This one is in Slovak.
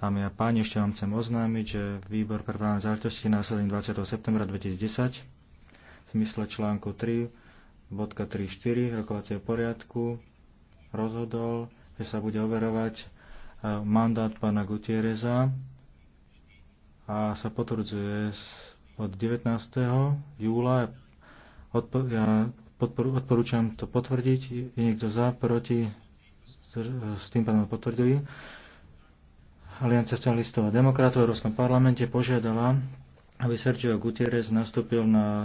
Dámy a páni, ešte vám chcem oznámiť, že výbor pre právne záležitosti následný 20. septembra 2010 v zmysle článku 3 bodka 3.4 rokovacieho poriadku rozhodol, že sa bude overovať e, mandát pána Gutiereza a sa potvrdzuje od 19. júla. ja odporúčam to potvrdiť. Je niekto za, proti? S tým pánom potvrdili. Aliancia socialistov a demokratov v Európskom parlamente požiadala, aby Sergio Gutierrez nastúpil na